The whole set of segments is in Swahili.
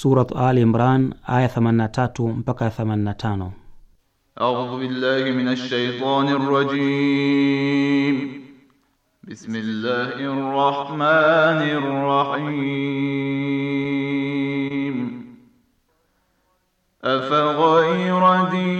Surat Ali Imran aya 83 mpaka 85. A'udhu billahi minash shaitani rrajim. Bismillahir rahmanir rahim. Afaghayra din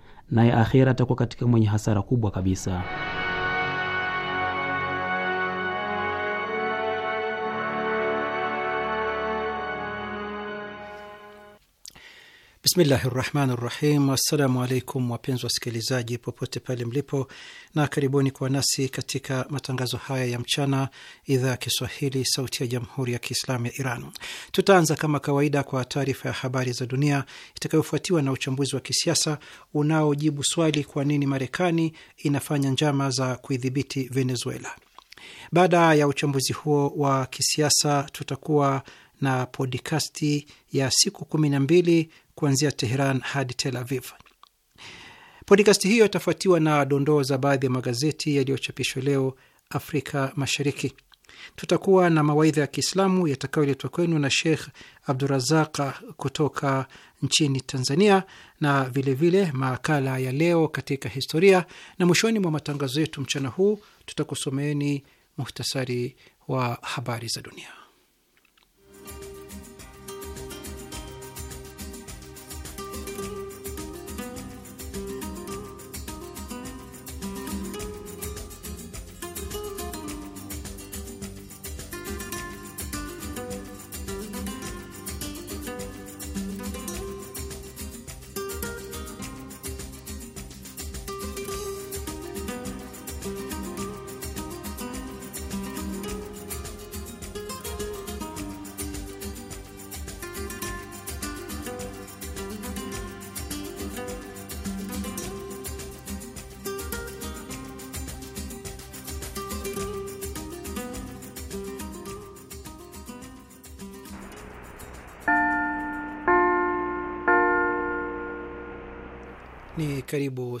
naye akhera atakuwa katika mwenye hasara kubwa kabisa. Bismillahi rahmani rahim. Assalamu alaikum wapenzi wasikilizaji popote pale mlipo, na karibuni kwa nasi katika matangazo haya ya mchana, idhaa ya Kiswahili sauti ya jamhuri ya kiislamu ya Iran. Tutaanza kama kawaida kwa taarifa ya habari za dunia itakayofuatiwa na uchambuzi wa kisiasa unaojibu swali, kwa nini Marekani inafanya njama za kuidhibiti Venezuela? Baada ya uchambuzi huo wa kisiasa, tutakuwa na podikasti ya siku kumi na mbili kuanzia Teheran hadi Tel Aviv. Podikasti hiyo itafuatiwa na dondoo za baadhi ya magazeti yaliyochapishwa leo Afrika Mashariki. Tutakuwa na mawaidha ya Kiislamu yatakayoletwa kwenu na Sheikh Abdurazaq kutoka nchini Tanzania, na vilevile vile makala ya leo katika historia, na mwishoni mwa matangazo yetu mchana huu tutakusomeeni muhtasari wa habari za dunia.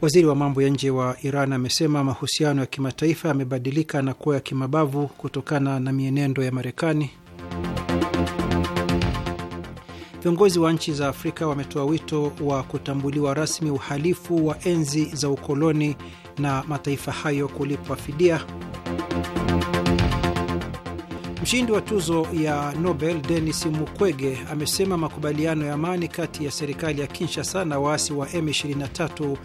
Waziri wa mambo ya nje wa Iran amesema mahusiano ya kimataifa yamebadilika na kuwa ya kimabavu kutokana na mienendo ya Marekani. Viongozi wa nchi za Afrika wametoa wito wa kutambuliwa rasmi uhalifu wa enzi za ukoloni na mataifa hayo kulipwa fidia. Mshindi wa tuzo ya Nobel Denis Mukwege amesema makubaliano ya amani kati ya serikali ya Kinshasa na waasi wa M23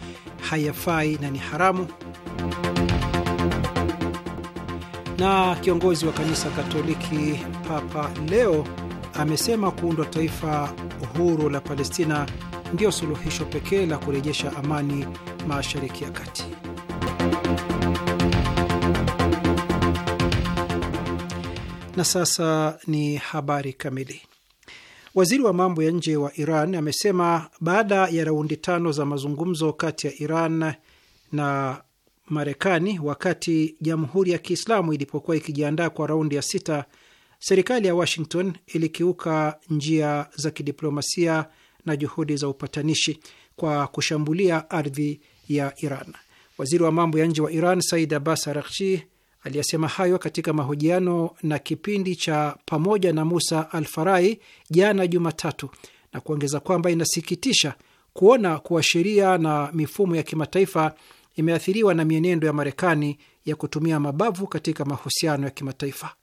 hayafai na ni haramu. Na kiongozi wa kanisa Katoliki Papa Leo amesema kuundwa taifa huru la Palestina ndio suluhisho pekee la kurejesha amani Mashariki ya Kati. Na sasa ni habari kamili. Waziri wa mambo ya nje wa Iran amesema baada ya raundi tano za mazungumzo kati ya Iran na Marekani wakati Jamhuri ya Kiislamu ilipokuwa ikijiandaa kwa raundi ya sita, serikali ya Washington ilikiuka njia za kidiplomasia na juhudi za upatanishi kwa kushambulia ardhi ya Iran. Waziri wa mambo ya nje wa Iran Said Abbas Araghchi Aliyasema hayo katika mahojiano na kipindi cha Pamoja na Musa Alfarai jana Jumatatu, na kuongeza kwamba inasikitisha kuona kuwa sheria na mifumo ya kimataifa imeathiriwa na mienendo ya Marekani ya kutumia mabavu katika mahusiano ya kimataifa.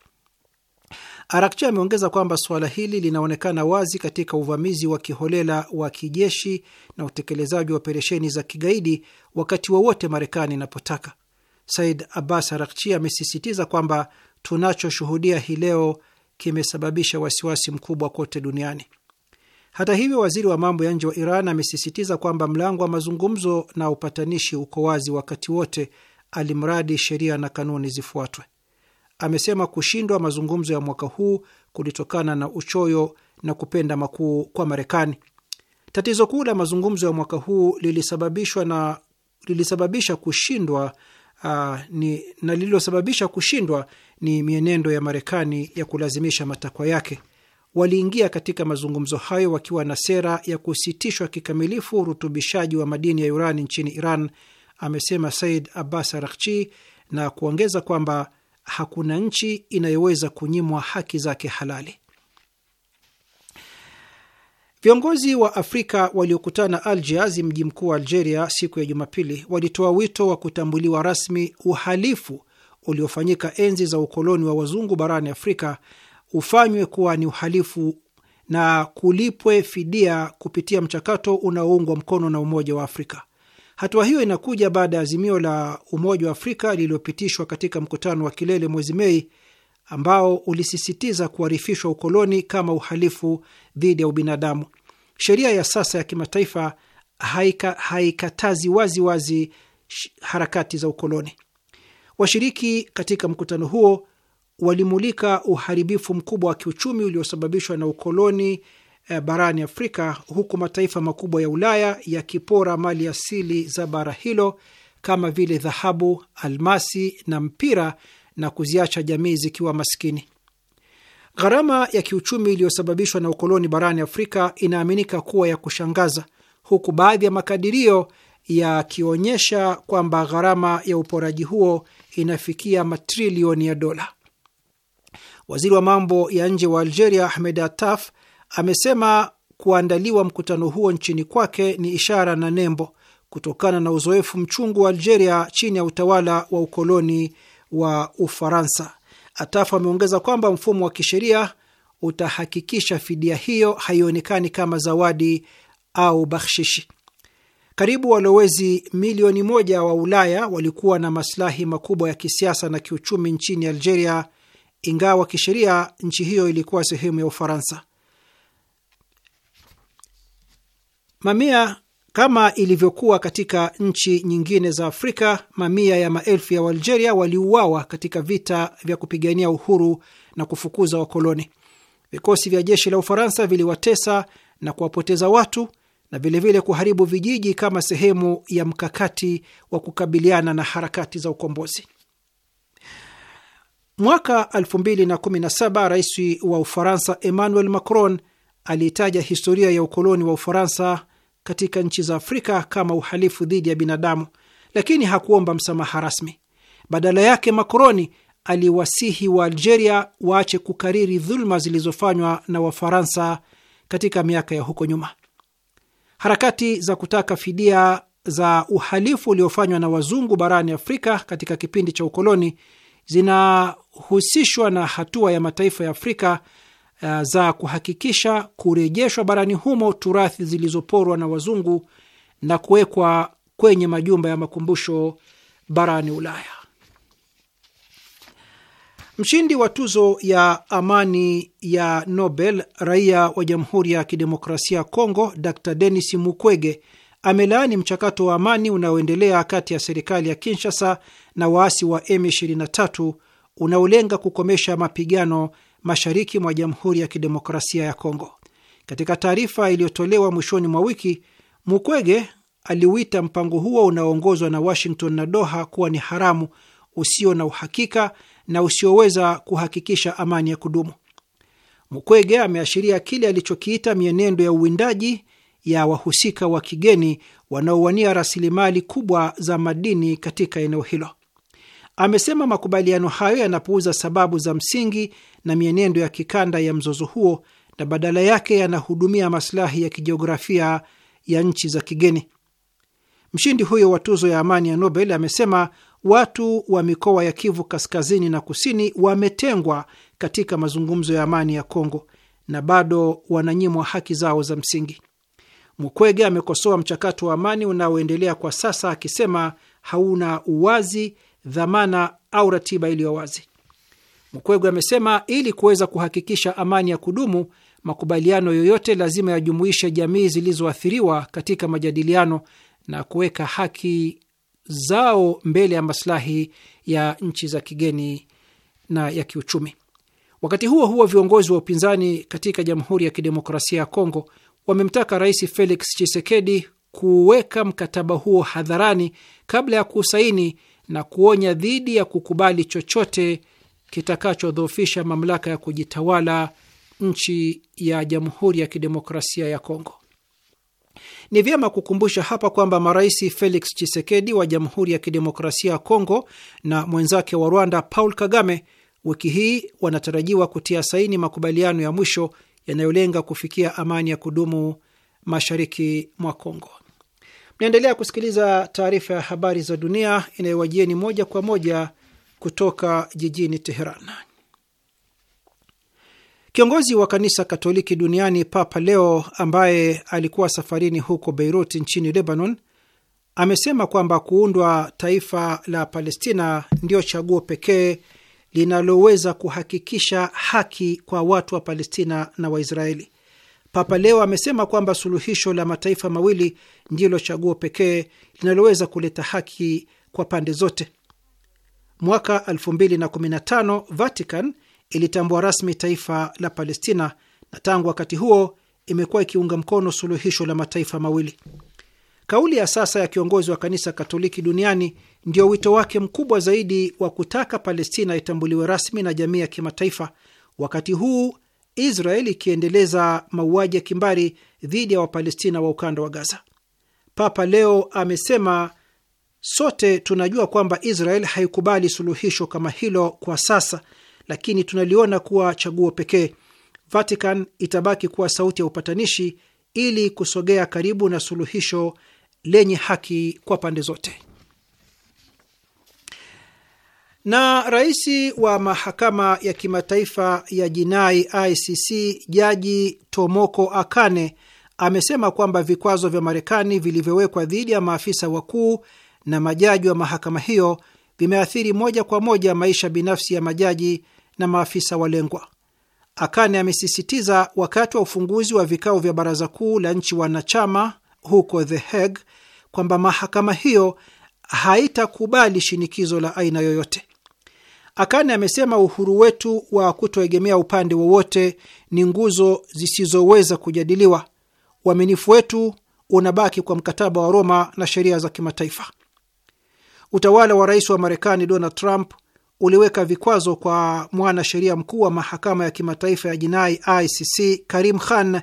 Arakchi ameongeza kwamba suala hili linaonekana wazi katika uvamizi wa kiholela wa kijeshi na utekelezaji wa operesheni za kigaidi wakati wowote wa Marekani inapotaka. Said Abbas Arakchi amesisitiza kwamba tunachoshuhudia hii leo kimesababisha wasiwasi mkubwa kote duniani. Hata hivyo, waziri wa mambo ya nje wa Iran amesisitiza kwamba mlango wa mazungumzo na upatanishi uko wazi wakati wote, alimradi sheria na kanuni zifuatwe. Amesema kushindwa mazungumzo ya mwaka huu kulitokana na uchoyo na kupenda makuu kwa Marekani. Tatizo kuu la mazungumzo ya mwaka huu lilisababishwa na lilisababisha kushindwa uh, ni, na lililosababisha kushindwa ni mienendo ya Marekani ya kulazimisha matakwa yake. Waliingia katika mazungumzo hayo wakiwa na sera ya kusitishwa kikamilifu urutubishaji wa madini ya urani nchini Iran, amesema Said Abbas arakchi na kuongeza kwamba hakuna nchi inayoweza kunyimwa haki zake halali. Viongozi wa Afrika waliokutana Algiers, mji mkuu wa Algeria, siku ya Jumapili walitoa wito wa kutambuliwa rasmi uhalifu uliofanyika enzi za ukoloni wa wazungu barani Afrika ufanywe kuwa ni uhalifu na kulipwe fidia kupitia mchakato unaoungwa mkono na Umoja wa Afrika. Hatua hiyo inakuja baada ya azimio la Umoja wa Afrika lililopitishwa katika mkutano wa kilele mwezi Mei ambao ulisisitiza kuharifishwa ukoloni kama uhalifu dhidi ya ubinadamu. Sheria ya sasa ya kimataifa haika, haikatazi wazi wazi harakati za ukoloni. Washiriki katika mkutano huo walimulika uharibifu mkubwa wa kiuchumi uliosababishwa na ukoloni eh, barani Afrika, huku mataifa makubwa ya Ulaya yakipora mali asili za bara hilo kama vile dhahabu, almasi na mpira na kuziacha jamii zikiwa maskini. Gharama ya kiuchumi iliyosababishwa na ukoloni barani Afrika inaaminika kuwa ya kushangaza, huku baadhi ya makadirio yakionyesha kwamba gharama ya uporaji huo inafikia matrilioni ya dola. Waziri wa mambo ya nje wa Algeria Ahmed Attaf amesema kuandaliwa mkutano huo nchini kwake ni ishara na nembo kutokana na uzoefu mchungu wa Algeria chini ya utawala wa ukoloni wa Ufaransa. Atafu ameongeza kwamba mfumo wa kisheria utahakikisha fidia hiyo haionekani kama zawadi au bakhshishi. Karibu walowezi milioni moja wa Ulaya walikuwa na masilahi makubwa ya kisiasa na kiuchumi nchini Algeria, ingawa kisheria nchi hiyo ilikuwa sehemu ya Ufaransa. Mamia kama ilivyokuwa katika nchi nyingine za Afrika, mamia ya maelfu ya Waalgeria waliuawa katika vita vya kupigania uhuru na kufukuza wakoloni. Vikosi vya jeshi la Ufaransa viliwatesa na kuwapoteza watu na vilevile kuharibu vijiji kama sehemu ya mkakati wa kukabiliana na harakati za ukombozi. Mwaka 2017 rais wa Ufaransa Emmanuel Macron aliitaja historia ya ukoloni wa Ufaransa katika nchi za Afrika kama uhalifu dhidi ya binadamu, lakini hakuomba msamaha rasmi. Badala yake, Makroni aliwasihi wa Algeria waache kukariri dhuluma zilizofanywa na Wafaransa katika miaka ya huko nyuma. Harakati za kutaka fidia za uhalifu uliofanywa na wazungu barani Afrika katika kipindi cha ukoloni zinahusishwa na hatua ya mataifa ya Afrika uh, za kuhakikisha kurejeshwa barani humo turathi zilizoporwa na wazungu na kuwekwa kwenye majumba ya makumbusho barani Ulaya. Mshindi wa tuzo ya amani ya Nobel, raia wa Jamhuri ya Kidemokrasia ya Kongo, Dr Denis Mukwege amelaani mchakato wa amani unaoendelea kati ya serikali ya Kinshasa na waasi wa M23 unaolenga kukomesha mapigano mashariki mwa Jamhuri ya Kidemokrasia ya Kongo. Katika taarifa iliyotolewa mwishoni mwa wiki, Mukwege aliuita mpango huo unaoongozwa na Washington na Doha kuwa ni haramu, usio na uhakika na usioweza kuhakikisha amani ya kudumu. Mukwege ameashiria kile alichokiita mienendo ya uwindaji ya wahusika wa kigeni wanaowania rasilimali kubwa za madini katika eneo hilo. Amesema makubaliano hayo yanapuuza sababu za msingi na mienendo ya kikanda ya mzozo huo na badala yake yanahudumia masilahi ya kijiografia ya nchi za kigeni. Mshindi huyo wa tuzo ya amani ya Nobel amesema watu wa mikoa ya Kivu kaskazini na kusini wametengwa katika mazungumzo ya amani ya Kongo na bado wananyimwa haki zao za msingi. Mukwege amekosoa mchakato wa amani unaoendelea kwa sasa akisema hauna uwazi dhamana au ratiba iliyo wazi. mkwegwe amesema ili kuweza kuhakikisha amani ya kudumu, makubaliano yoyote lazima yajumuishe jamii zilizoathiriwa katika majadiliano na kuweka haki zao mbele ya maslahi ya nchi za kigeni na ya kiuchumi. Wakati huo huo, viongozi wa upinzani katika Jamhuri ya Kidemokrasia ya Kongo wamemtaka Rais Felix Tshisekedi kuweka mkataba huo hadharani kabla ya kusaini na kuonya dhidi ya kukubali chochote kitakachodhoofisha mamlaka ya kujitawala nchi ya Jamhuri ya Kidemokrasia ya Kongo. Ni vyema kukumbusha hapa kwamba marais Felix Tshisekedi wa Jamhuri ya Kidemokrasia ya Kongo na mwenzake wa Rwanda Paul Kagame wiki hii wanatarajiwa kutia saini makubaliano ya mwisho yanayolenga kufikia amani ya kudumu mashariki mwa Kongo. Naendelea kusikiliza taarifa ya habari za dunia inayowajieni moja kwa moja kutoka jijini Teheran. Kiongozi wa kanisa Katoliki duniani Papa Leo, ambaye alikuwa safarini huko Beirut nchini Lebanon, amesema kwamba kuundwa taifa la Palestina ndiyo chaguo pekee linaloweza kuhakikisha haki kwa watu wa Palestina na Waisraeli Papa Leo amesema kwamba suluhisho la mataifa mawili ndilo chaguo pekee linaloweza kuleta haki kwa pande zote. Mwaka 2015 Vatican ilitambua rasmi taifa la Palestina na tangu wakati huo imekuwa ikiunga mkono suluhisho la mataifa mawili. Kauli ya sasa ya kiongozi wa kanisa Katoliki duniani ndio wito wake mkubwa zaidi wa kutaka Palestina itambuliwe rasmi na jamii ya kimataifa, wakati huu israel ikiendeleza mauaji ya kimbari dhidi ya Wapalestina wa ukanda wa Gaza. Papa leo amesema, sote tunajua kwamba Israel haikubali suluhisho kama hilo kwa sasa, lakini tunaliona kuwa chaguo pekee. Vatican itabaki kuwa sauti ya upatanishi ili kusogea karibu na suluhisho lenye haki kwa pande zote. Na rais wa mahakama ya kimataifa ya jinai ICC Jaji Tomoko Akane amesema kwamba vikwazo vya Marekani vilivyowekwa dhidi ya maafisa wakuu na majaji wa mahakama hiyo vimeathiri moja kwa moja maisha binafsi ya majaji na maafisa walengwa. Akane amesisitiza wakati wa ufunguzi wa vikao vya baraza kuu la nchi wanachama huko The Hague kwamba mahakama hiyo haitakubali shinikizo la aina yoyote. Akane amesema uhuru wetu wa kutoegemea upande wowote ni nguzo zisizoweza kujadiliwa. Uaminifu wetu unabaki kwa mkataba wa Roma na sheria za kimataifa. Utawala wa rais wa Marekani Donald Trump uliweka vikwazo kwa mwanasheria mkuu wa mahakama ya kimataifa ya jinai ICC Karim Khan,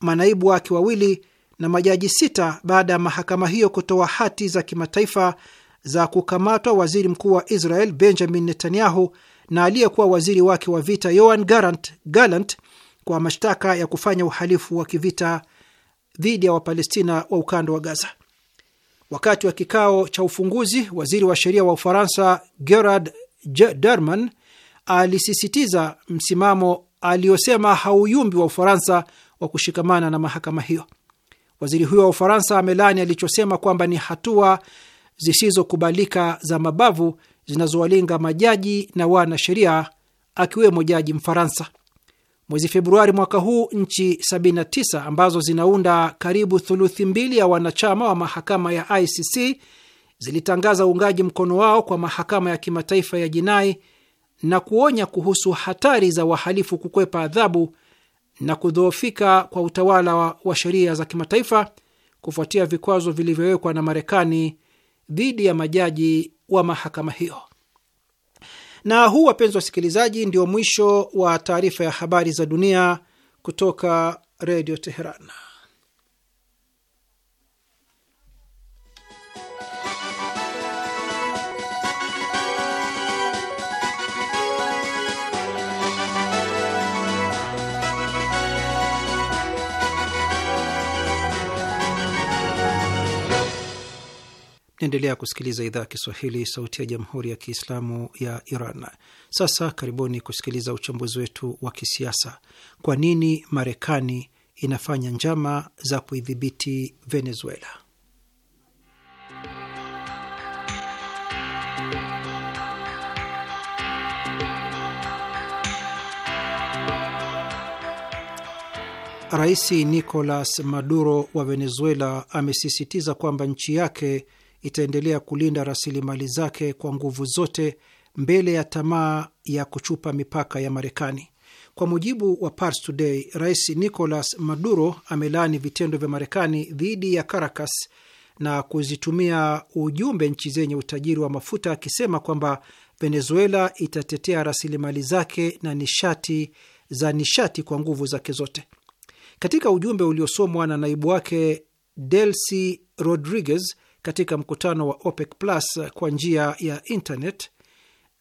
manaibu wake wawili na majaji sita baada ya mahakama hiyo kutoa hati za kimataifa za kukamatwa waziri mkuu wa Israel Benjamin Netanyahu na aliyekuwa waziri wake wa vita Yoan Garant, Galant kwa mashtaka ya kufanya uhalifu wa kivita dhidi ya Wapalestina wa ukanda wa Gaza. Wakati wa kikao cha ufunguzi, waziri wa sheria wa Ufaransa Gerard Darman alisisitiza msimamo aliyosema hauyumbi wa Ufaransa wa kushikamana na mahakama hiyo. Waziri huyo wa Ufaransa amelani alichosema kwamba ni hatua zisizokubalika za mabavu zinazowalenga majaji na wanasheria akiwemo jaji Mfaransa. Mwezi Februari mwaka huu nchi 79 ambazo zinaunda karibu thuluthi mbili ya wanachama wa mahakama ya ICC zilitangaza uungaji mkono wao kwa mahakama ya kimataifa ya jinai na kuonya kuhusu hatari za wahalifu kukwepa adhabu na kudhoofika kwa utawala wa sheria za kimataifa kufuatia vikwazo vilivyowekwa na Marekani dhidi ya majaji wa mahakama hiyo. Na huu, wapenzi wasikilizaji, ndio mwisho wa taarifa ya habari za dunia kutoka Redio Teheran. Naendelea kusikiliza idhaa ya Kiswahili, sauti ya jamhuri ya kiislamu ya Iran. Sasa karibuni kusikiliza uchambuzi wetu wa kisiasa: kwa nini Marekani inafanya njama za kuidhibiti Venezuela? Rais Nicolas Maduro wa Venezuela amesisitiza kwamba nchi yake itaendelea kulinda rasilimali zake kwa nguvu zote mbele ya tamaa ya kuchupa mipaka ya Marekani. Kwa mujibu wa Pars Today, Rais Nicolas Maduro amelaani vitendo vya Marekani dhidi ya Caracas na kuzitumia ujumbe nchi zenye utajiri wa mafuta akisema kwamba Venezuela itatetea rasilimali zake na nishati za nishati kwa nguvu zake zote. Katika ujumbe uliosomwa na naibu wake Delcy Rodriguez, katika mkutano wa OPEC Plus kwa njia ya internet,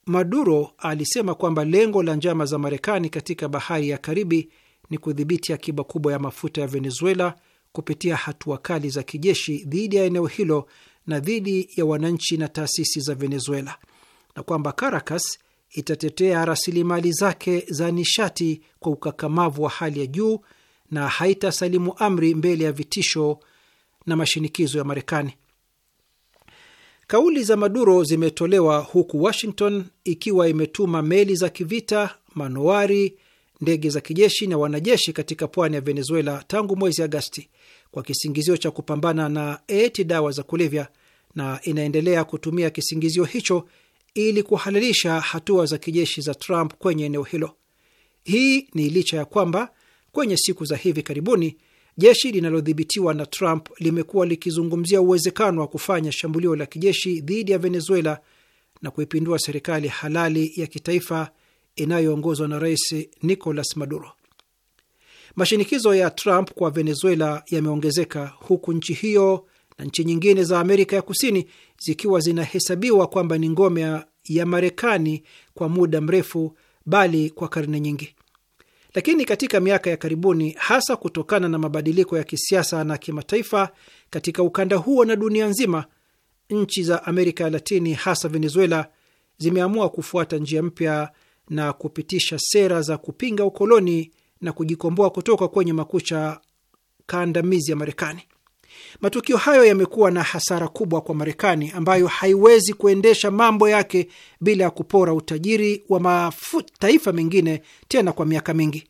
Maduro alisema kwamba lengo la njama za Marekani katika bahari ya Karibi ni kudhibiti akiba kubwa ya mafuta ya Venezuela kupitia hatua kali za kijeshi dhidi ya eneo hilo na dhidi ya wananchi na taasisi za Venezuela, na kwamba Caracas itatetea rasilimali zake za nishati kwa ukakamavu wa hali ya juu na haitasalimu amri mbele ya vitisho na mashinikizo ya Marekani. Kauli za Maduro zimetolewa huku Washington ikiwa imetuma meli za kivita, manowari, ndege za kijeshi na wanajeshi katika pwani ya Venezuela tangu mwezi Agasti kwa kisingizio cha kupambana na eti dawa za kulevya, na inaendelea kutumia kisingizio hicho ili kuhalalisha hatua za kijeshi za Trump kwenye eneo hilo. Hii ni licha ya kwamba kwenye siku za hivi karibuni Jeshi linalodhibitiwa na Trump limekuwa likizungumzia uwezekano wa kufanya shambulio la kijeshi dhidi ya Venezuela na kuipindua serikali halali ya kitaifa inayoongozwa na Rais Nicolas Maduro. Mashinikizo ya Trump kwa Venezuela yameongezeka huku nchi hiyo na nchi nyingine za Amerika ya Kusini zikiwa zinahesabiwa kwamba ni ngome ya Marekani kwa muda mrefu, bali kwa karne nyingi. Lakini katika miaka ya karibuni, hasa kutokana na mabadiliko ya kisiasa na kimataifa katika ukanda huo na dunia nzima, nchi za Amerika ya Latini, hasa Venezuela, zimeamua kufuata njia mpya na kupitisha sera za kupinga ukoloni na kujikomboa kutoka kwenye makucha kandamizi ya Marekani. Matukio hayo yamekuwa na hasara kubwa kwa Marekani ambayo haiwezi kuendesha mambo yake bila ya kupora utajiri wa mataifa mengine tena kwa miaka mingi.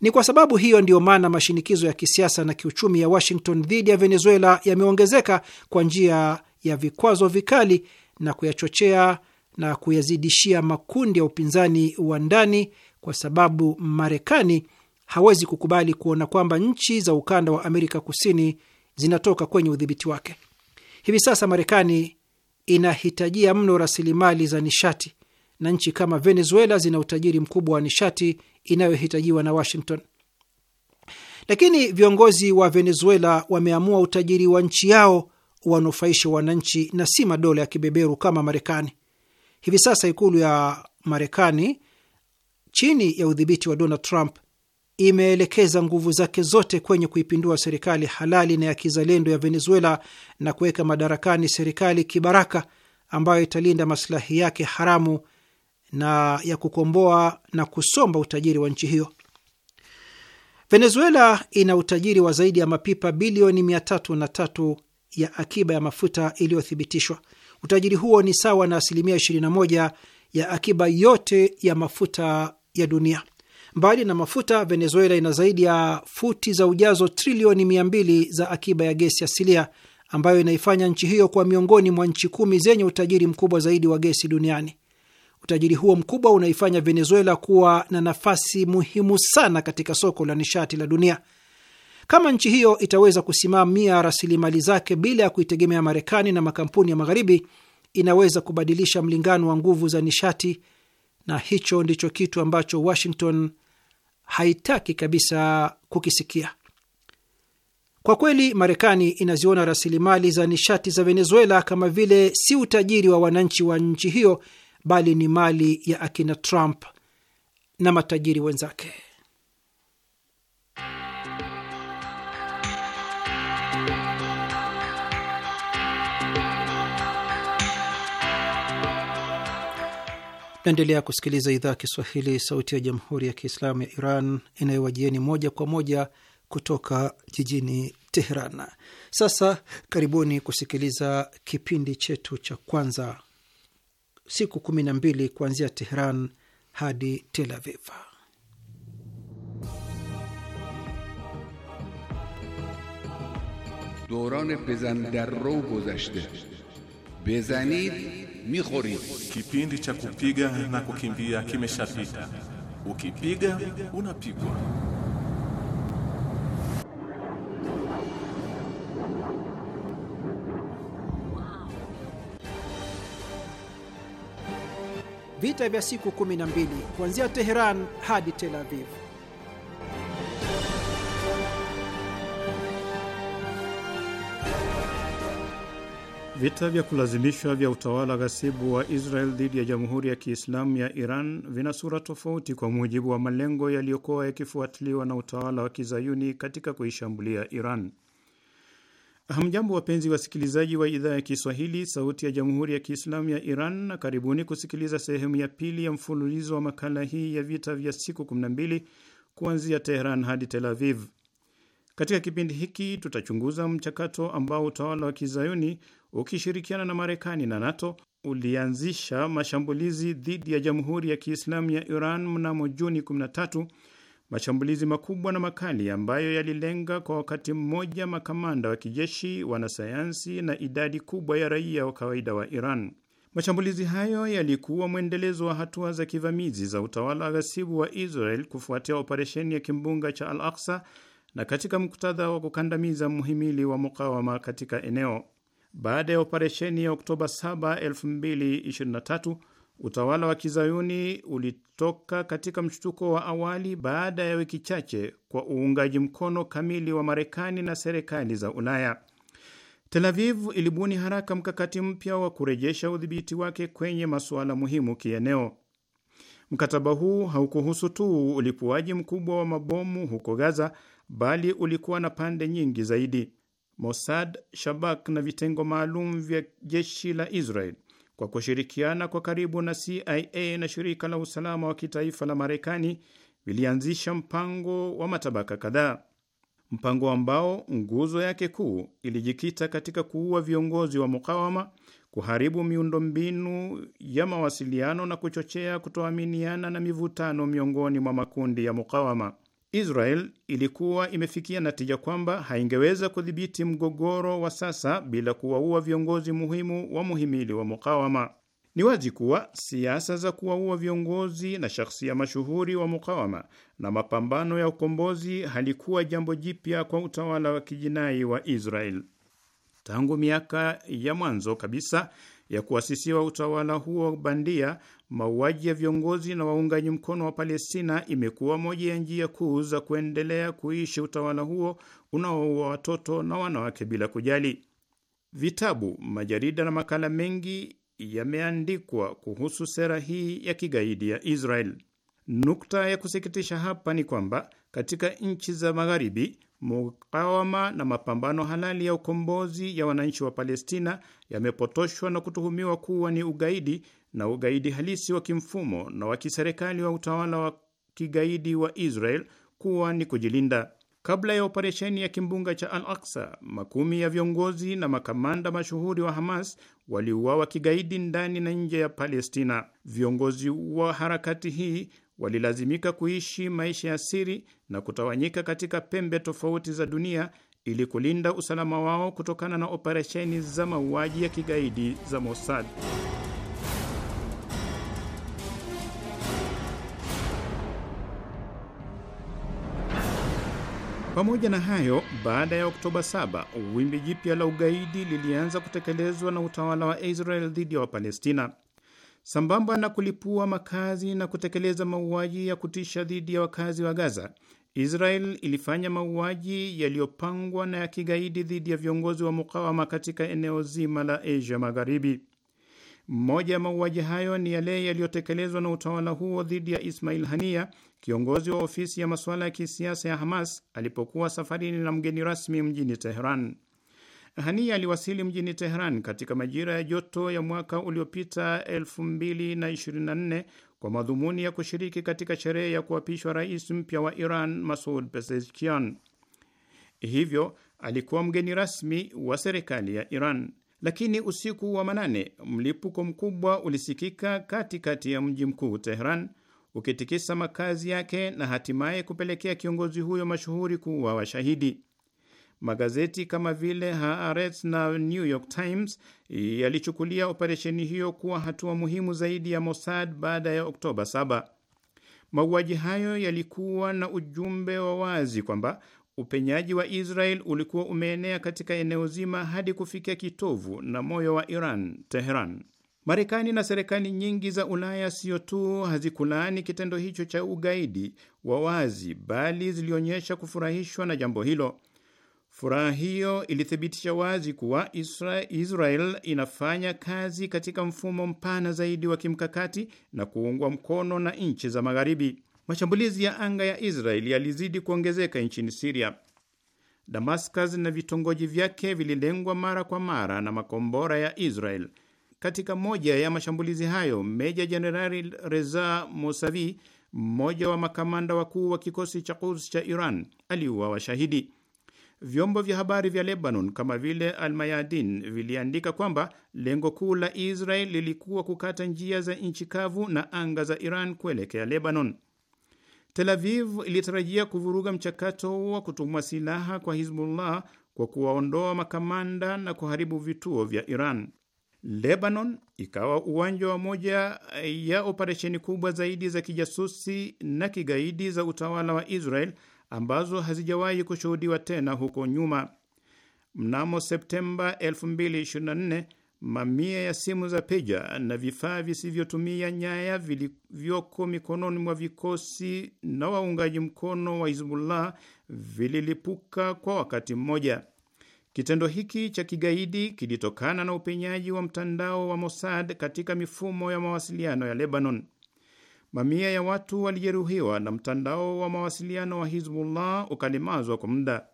Ni kwa sababu hiyo ndiyo maana mashinikizo ya kisiasa na kiuchumi ya Washington dhidi ya Venezuela yameongezeka kwa njia ya vikwazo vikali na kuyachochea na kuyazidishia makundi ya upinzani wa ndani, kwa sababu Marekani hawezi kukubali kuona kwamba nchi za ukanda wa Amerika Kusini zinatoka kwenye udhibiti wake. Hivi sasa Marekani inahitajia mno rasilimali za nishati na nchi kama Venezuela zina utajiri mkubwa wa nishati inayohitajiwa na Washington, lakini viongozi wa Venezuela wameamua utajiri wa nchi yao wanufaishe wananchi na si madola ya kibeberu kama Marekani. Hivi sasa ikulu ya Marekani chini ya udhibiti wa Donald Trump imeelekeza nguvu zake zote kwenye kuipindua serikali halali na ya kizalendo ya Venezuela na kuweka madarakani serikali kibaraka ambayo italinda masilahi yake haramu na ya kukomboa na kusomba utajiri wa nchi hiyo. Venezuela ina utajiri wa zaidi ya mapipa bilioni tatu ya akiba ya mafuta iliyothibitishwa. Utajiri huo ni sawa na asilimia 21 ya akiba yote ya mafuta ya dunia. Mbali na mafuta, Venezuela ina zaidi ya futi za ujazo trilioni mbili za akiba ya gesi asilia ambayo inaifanya nchi hiyo kwa miongoni mwa nchi kumi zenye utajiri mkubwa zaidi wa gesi duniani. Utajiri huo mkubwa unaifanya Venezuela kuwa na nafasi muhimu sana katika soko la nishati la dunia. Kama nchi hiyo itaweza kusimamia rasilimali zake bila ya kuitegemea Marekani na makampuni ya Magharibi, inaweza kubadilisha mlingano wa nguvu za nishati, na hicho ndicho kitu ambacho Washington haitaki kabisa kukisikia. Kwa kweli, Marekani inaziona rasilimali za nishati za Venezuela kama vile si utajiri wa wananchi wa nchi hiyo, bali ni mali ya akina Trump na matajiri wenzake. Naendelea kusikiliza idhaa ya Kiswahili, sauti ya jamhuri ya kiislamu ya Iran inayowajieni moja kwa moja kutoka jijini Teheran. Sasa karibuni kusikiliza kipindi chetu cha kwanza siku kumi na mbili kuanzia Teheran hadi Tel Aviv. dorane pezan darro gozashte bezanid mihori, kipindi cha kupiga na kukimbia kimeshapita. Ukipiga unapigwa. Vita vya siku 12 kuanzia Teheran hadi Tel Aviv. Vita vya kulazimishwa vya utawala ghasibu wa Israel dhidi ya Jamhuri ya Kiislamu ya Iran vina sura tofauti kwa mujibu wa malengo yaliyokuwa yakifuatiliwa na utawala wa Kizayuni katika kuishambulia Iran. Hamjambo, wapenzi wasikilizaji wa idhaa ya Kiswahili, Sauti ya Jamhuri ya Kiislamu ya Iran, na karibuni kusikiliza sehemu ya pili ya mfululizo wa makala hii ya vita vya siku 12 kuanzia Teheran hadi Tel Aviv. Katika kipindi hiki tutachunguza mchakato ambao utawala wa Kizayuni ukishirikiana na Marekani na NATO ulianzisha mashambulizi dhidi ya Jamhuri ya Kiislamu ya Iran mnamo Juni 13, mashambulizi makubwa na makali ambayo yalilenga kwa wakati mmoja makamanda wa kijeshi, wanasayansi na idadi kubwa ya raia wa kawaida wa Iran. Mashambulizi hayo yalikuwa mwendelezo wa hatua za kivamizi za utawala ghasibu wa Israel kufuatia operesheni ya kimbunga cha al aksa na katika muktadha wa kukandamiza mhimili wa mukawama katika eneo. Baada ya operesheni ya Oktoba 7, 2023 utawala wa kizayuni ulitoka katika mshtuko wa awali baada ya wiki chache kwa uungaji mkono kamili wa Marekani na serikali za Ulaya. Tel Aviv ilibuni haraka mkakati mpya wa kurejesha udhibiti wake kwenye masuala muhimu kieneo. Mkataba huu haukuhusu tu ulipuaji mkubwa wa mabomu huko Gaza, bali ulikuwa na pande nyingi zaidi. Mossad, Shabak na vitengo maalum vya jeshi la Israel kwa kushirikiana kwa karibu na CIA na shirika la usalama wa kitaifa la Marekani vilianzisha mpango wa matabaka kadhaa, mpango ambao nguzo yake kuu ilijikita katika kuua viongozi wa mukawama, kuharibu miundombinu ya mawasiliano na kuchochea kutoaminiana na mivutano miongoni mwa makundi ya mukawama. Israel ilikuwa imefikia natija kwamba haingeweza kudhibiti mgogoro wa sasa bila kuwaua viongozi muhimu wa muhimili wa mukawama. Ni wazi kuwa siasa za kuwaua viongozi na shakhsia mashuhuri wa mukawama na mapambano ya ukombozi halikuwa jambo jipya kwa utawala wa kijinai wa Israel. Tangu miaka ya mwanzo kabisa ya kuasisiwa utawala huo bandia, mauaji ya viongozi na waungaji mkono wa Palestina imekuwa moja ya njia kuu za kuendelea kuishi utawala huo unaoua watoto na wanawake bila kujali. Vitabu, majarida na makala mengi yameandikwa kuhusu sera hii ya kigaidi ya Israel. Nukta ya kusikitisha hapa ni kwamba katika nchi za Magharibi mukawama na mapambano halali ya ukombozi ya wananchi wa Palestina yamepotoshwa na kutuhumiwa kuwa ni ugaidi na ugaidi halisi wa kimfumo na wa kiserikali wa utawala wa kigaidi wa Israel kuwa ni kujilinda. Kabla ya operesheni ya kimbunga cha al Aksa, makumi ya viongozi na makamanda mashuhuri wa Hamas waliuawa kigaidi ndani na nje ya Palestina. Viongozi wa harakati hii walilazimika kuishi maisha ya siri na kutawanyika katika pembe tofauti za dunia ili kulinda usalama wao kutokana na operesheni za mauaji ya kigaidi za Mossad. Pamoja na hayo, baada ya Oktoba 7 wimbi jipya la ugaidi lilianza kutekelezwa na utawala wa Israel dhidi ya Wapalestina sambamba na kulipua makazi na kutekeleza mauaji ya kutisha dhidi ya wakazi wa Gaza. Israel ilifanya mauaji yaliyopangwa na ya kigaidi dhidi ya viongozi wa mukawama katika eneo zima la Asia Magharibi. Mmoja ya mauaji hayo ni yale yaliyotekelezwa na utawala huo dhidi ya Ismail Hania, kiongozi wa ofisi ya masuala ya kisiasa ya Hamas, alipokuwa safarini na mgeni rasmi mjini Teheran. Hani aliwasili mjini Tehran katika majira ya joto ya mwaka uliopita 2024 kwa madhumuni ya kushiriki katika sherehe ya kuapishwa rais mpya wa Iran Masoud Pezeshkian. Hivyo alikuwa mgeni rasmi wa serikali ya Iran. Lakini usiku wa manane, mlipuko mkubwa ulisikika katikati kati ya mji mkuu Tehran, ukitikisa makazi yake na hatimaye kupelekea kiongozi huyo mashuhuri kuwa washahidi. Magazeti kama vile Haaretz na New York Times eh, yalichukulia operesheni hiyo kuwa hatua muhimu zaidi ya Mossad baada ya Oktoba 7. Mauaji hayo yalikuwa na ujumbe wa wazi kwamba upenyaji wa Israel ulikuwa umeenea katika eneo zima hadi kufikia kitovu na moyo wa Iran, Teheran. Marekani na serikali nyingi za Ulaya sio tu hazikulaani kitendo hicho cha ugaidi wa wazi, bali zilionyesha kufurahishwa na jambo hilo. Furaha hiyo ilithibitisha wazi kuwa Israel inafanya kazi katika mfumo mpana zaidi wa kimkakati na kuungwa mkono na nchi za Magharibi. Mashambulizi ya anga ya Israel yalizidi kuongezeka nchini Siria. Damascus na vitongoji vyake vililengwa mara kwa mara na makombora ya Israel. Katika moja ya mashambulizi hayo, Meja Jenerali Reza Mosavi, mmoja wa makamanda wakuu wa kikosi cha Quds cha Iran, aliuawa shahidi. Vyombo vya habari vya Lebanon kama vile Almayadin viliandika kwamba lengo kuu la Israel lilikuwa kukata njia za nchi kavu na anga za Iran kuelekea Lebanon. Tel Aviv ilitarajia kuvuruga mchakato wa kutumwa silaha kwa Hizbullah kwa kuwaondoa makamanda na kuharibu vituo vya Iran. Lebanon ikawa uwanja wa moja ya operesheni kubwa zaidi za kijasusi na kigaidi za utawala wa Israel ambazo hazijawahi kushuhudiwa tena huko nyuma. Mnamo Septemba 2024 mamia ya simu za peja na vifaa visivyotumia nyaya vilivyoko mikononi mwa vikosi na waungaji mkono wa Hizbullah vililipuka kwa wakati mmoja. Kitendo hiki cha kigaidi kilitokana na upenyaji wa mtandao wa Mossad katika mifumo ya mawasiliano ya Lebanon. Mamia ya watu walijeruhiwa na mtandao wa mawasiliano wa Hizbullah ukalimazwa kwa muda.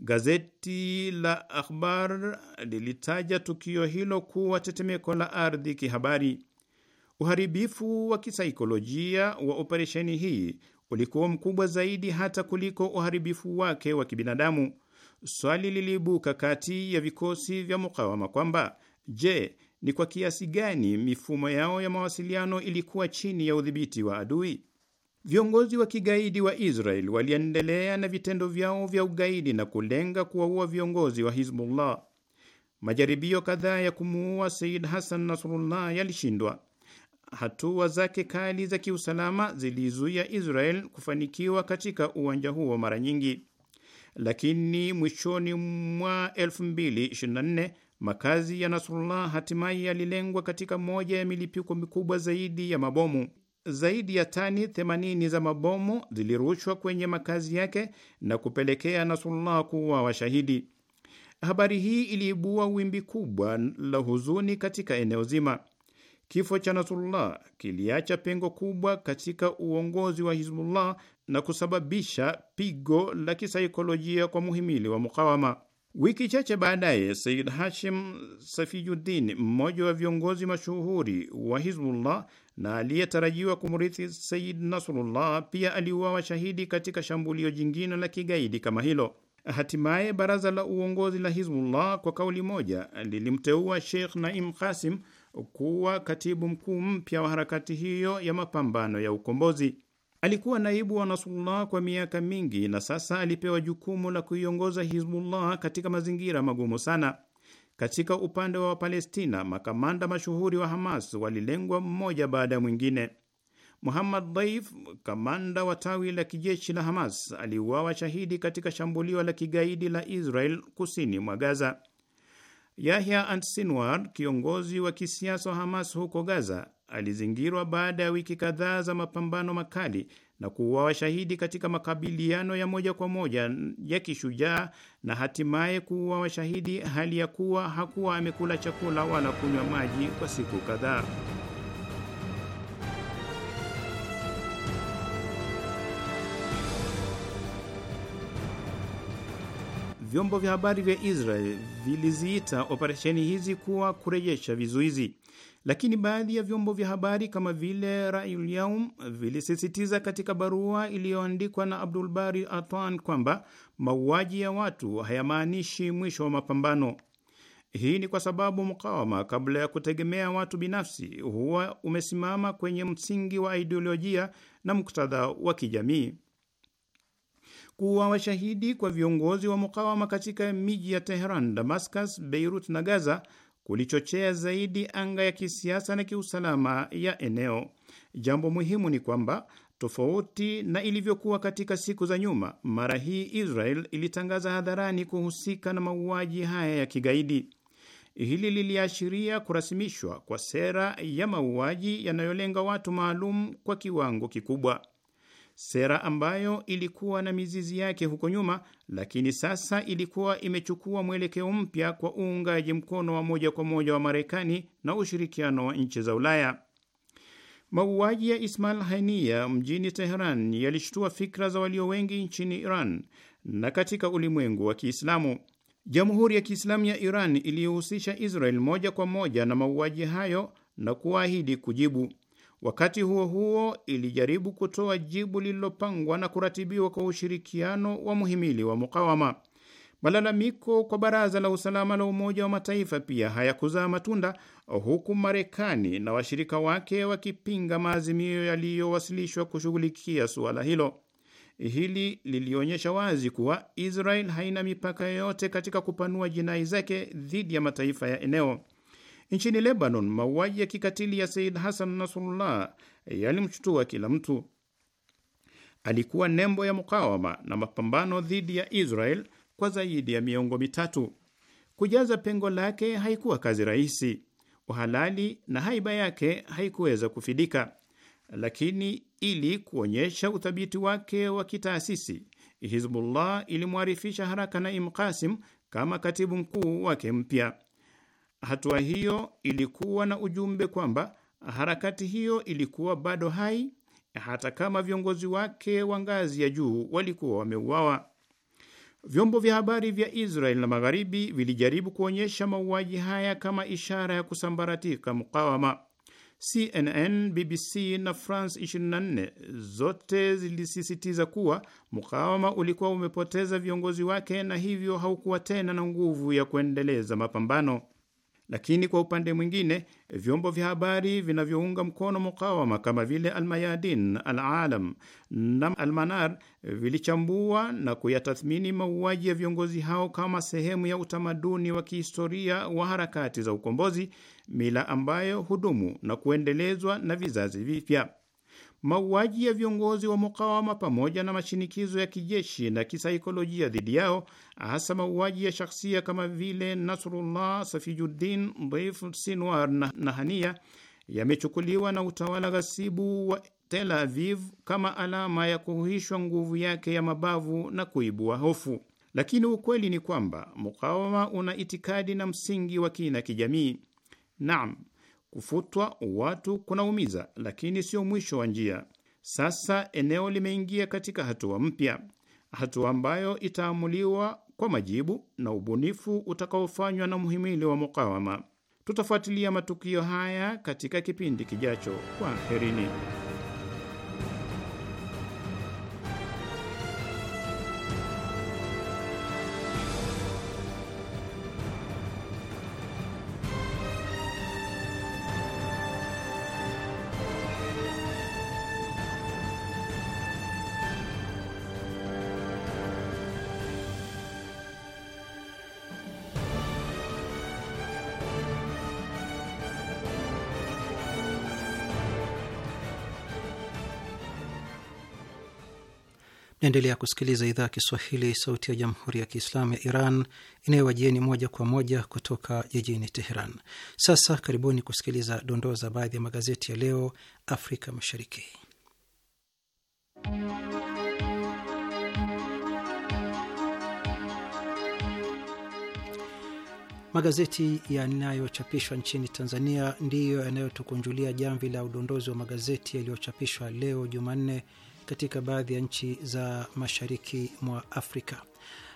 Gazeti la Akhbar lilitaja tukio hilo kuwa tetemeko la ardhi kihabari. Uharibifu wa kisaikolojia wa operesheni hii ulikuwa mkubwa zaidi hata kuliko uharibifu wake wa kibinadamu. Swali liliibuka kati ya vikosi vya mukawama kwamba je, ni kwa kiasi gani mifumo yao ya mawasiliano ilikuwa chini ya udhibiti wa adui. Viongozi wa kigaidi wa Israel waliendelea na vitendo vyao vya ugaidi na kulenga kuwaua viongozi wa Hizbullah. Majaribio kadhaa ya kumuua Said Hassan Nasrullah yalishindwa. Hatua zake kali za kiusalama zilizuia Israel kufanikiwa katika uwanja huo mara nyingi, lakini mwishoni mwa 2024 Makazi ya Nasrullah hatimaye yalilengwa katika moja ya milipuko mikubwa zaidi ya mabomu. Zaidi ya tani 80 za mabomu zilirushwa kwenye makazi yake na kupelekea Nasrullah kuwa washahidi. Habari hii iliibua wimbi kubwa la huzuni katika eneo zima. Kifo cha Nasrullah kiliacha pengo kubwa katika uongozi wa Hizbullah na kusababisha pigo la kisaikolojia kwa muhimili wa mukawama. Wiki chache baadaye, Sayid Hashim Safiyuddin, mmoja wa viongozi mashuhuri wa Hizbullah na aliyetarajiwa kumrithi Sayid Nasrullah, pia aliuawa shahidi katika shambulio jingine la kigaidi kama hilo. Hatimaye baraza la uongozi la Hizbullah kwa kauli moja lilimteua Sheikh Naim Qasim kuwa katibu mkuu mpya wa harakati hiyo ya mapambano ya ukombozi. Alikuwa naibu wa Nasrullah kwa miaka mingi na sasa alipewa jukumu la kuiongoza Hizbullah katika mazingira magumu sana. Katika upande wa Palestina, makamanda mashuhuri wa Hamas walilengwa mmoja baada ya mwingine. Muhammad Daif, kamanda wa tawi la kijeshi la Hamas, aliuawa shahidi katika shambulio la kigaidi la Israel kusini mwa Gaza. Yahya antsinwar kiongozi wa kisiasa wa Hamas huko Gaza, alizingirwa baada ya wiki kadhaa za mapambano makali na kuuawa shahidi katika makabiliano ya moja kwa moja ya kishujaa na hatimaye kuuawa shahidi hali ya kuwa hakuwa amekula chakula wala kunywa maji kwa siku kadhaa. Vyombo vya habari vya Israel viliziita operesheni hizi kuwa kurejesha vizuizi lakini baadhi ya vyombo vya habari kama vile Rayul Yaum vilisisitiza katika barua iliyoandikwa na Abdul Bari Atwan kwamba mauaji ya watu hayamaanishi mwisho wa mapambano. Hii ni kwa sababu mukawama, kabla ya kutegemea watu binafsi, huwa umesimama kwenye msingi wa ideolojia na muktadha wa kijamii. Kuwa washahidi kwa viongozi wa mukawama katika miji ya Teheran, Damascus, Beirut na Gaza kulichochea zaidi anga ya kisiasa na kiusalama ya eneo. Jambo muhimu ni kwamba tofauti na ilivyokuwa katika siku za nyuma, mara hii Israel ilitangaza hadharani kuhusika na mauaji haya ya kigaidi. Hili liliashiria kurasimishwa kwa sera ya mauaji yanayolenga watu maalum kwa kiwango kikubwa sera ambayo ilikuwa na mizizi yake huko nyuma, lakini sasa ilikuwa imechukua mwelekeo mpya kwa uungaji mkono wa moja kwa moja wa Marekani na ushirikiano wa nchi za Ulaya. Mauaji ya Ismail Hania mjini Teheran yalishtua fikra za walio wengi nchini Iran na katika ulimwengu wa Kiislamu. Jamhuri ya Kiislamu ya Iran iliyohusisha Israel moja kwa moja na mauaji hayo na kuahidi kujibu. Wakati huo huo, ilijaribu kutoa jibu lililopangwa na kuratibiwa kwa ushirikiano wa muhimili wa mukawama. Malalamiko kwa Baraza la Usalama la Umoja wa Mataifa pia hayakuzaa matunda, huku Marekani na washirika wake wakipinga maazimio yaliyowasilishwa kushughulikia suala hilo. Hili lilionyesha wazi kuwa Israel haina mipaka yoyote katika kupanua jinai zake dhidi ya mataifa ya eneo. Nchini Lebanon, mauaji ya kikatili ya Said hasan Nasrullah yalimshutua kila mtu. Alikuwa nembo ya mukawama na mapambano dhidi ya Israel kwa zaidi ya miongo mitatu. Kujaza pengo lake haikuwa kazi rahisi. Uhalali na haiba yake haikuweza kufidika, lakini ili kuonyesha uthabiti wake wa kitaasisi, Hizbullah ilimwarifisha haraka Naim Kasim kama katibu mkuu wake mpya. Hatua hiyo ilikuwa na ujumbe kwamba harakati hiyo ilikuwa bado hai hata kama viongozi wake wa ngazi ya juu walikuwa wameuawa. Vyombo vya habari vya Israel na Magharibi vilijaribu kuonyesha mauaji haya kama ishara ya kusambaratika mukawama. CNN, BBC na France 24 zote zilisisitiza kuwa mukawama ulikuwa umepoteza viongozi wake na hivyo haukuwa tena na nguvu ya kuendeleza mapambano. Lakini kwa upande mwingine, vyombo vya habari vinavyounga mkono mukawama kama vile Almayadin, Alalam na Almanar vilichambua na kuyatathmini mauaji ya viongozi hao kama sehemu ya utamaduni wa kihistoria wa harakati za ukombozi, mila ambayo hudumu na kuendelezwa na vizazi vipya mauaji ya viongozi wa mukawama pamoja na mashinikizo ya kijeshi na kisaikolojia dhidi yao, hasa mauaji ya shakhsia kama vile Nasrullah, Safijuddin, Daif Sinwar na Hania yamechukuliwa na utawala ghasibu wa Tel Aviv kama alama ya kuhuishwa nguvu yake ya mabavu na kuibua hofu. Lakini ukweli ni kwamba mukawama una itikadi na msingi wa kina kijamii. Naam, Kufutwa watu kunaumiza, lakini sio mwisho wa njia. Sasa eneo limeingia katika hatua mpya, hatua ambayo itaamuliwa kwa majibu na ubunifu utakaofanywa na mhimili wa mukawama. Tutafuatilia matukio haya katika kipindi kijacho. kwa herini. Naendelea kusikiliza idhaa ya Kiswahili, sauti ya jamhuri ya kiislamu ya Iran inayowajieni moja kwa moja kutoka jijini Teheran. Sasa karibuni kusikiliza dondoo za baadhi ya magazeti ya leo Afrika Mashariki. Magazeti yanayochapishwa nchini Tanzania ndiyo yanayotukunjulia jamvi la udondozi wa magazeti yaliyochapishwa leo Jumanne katika baadhi ya nchi za mashariki mwa Afrika.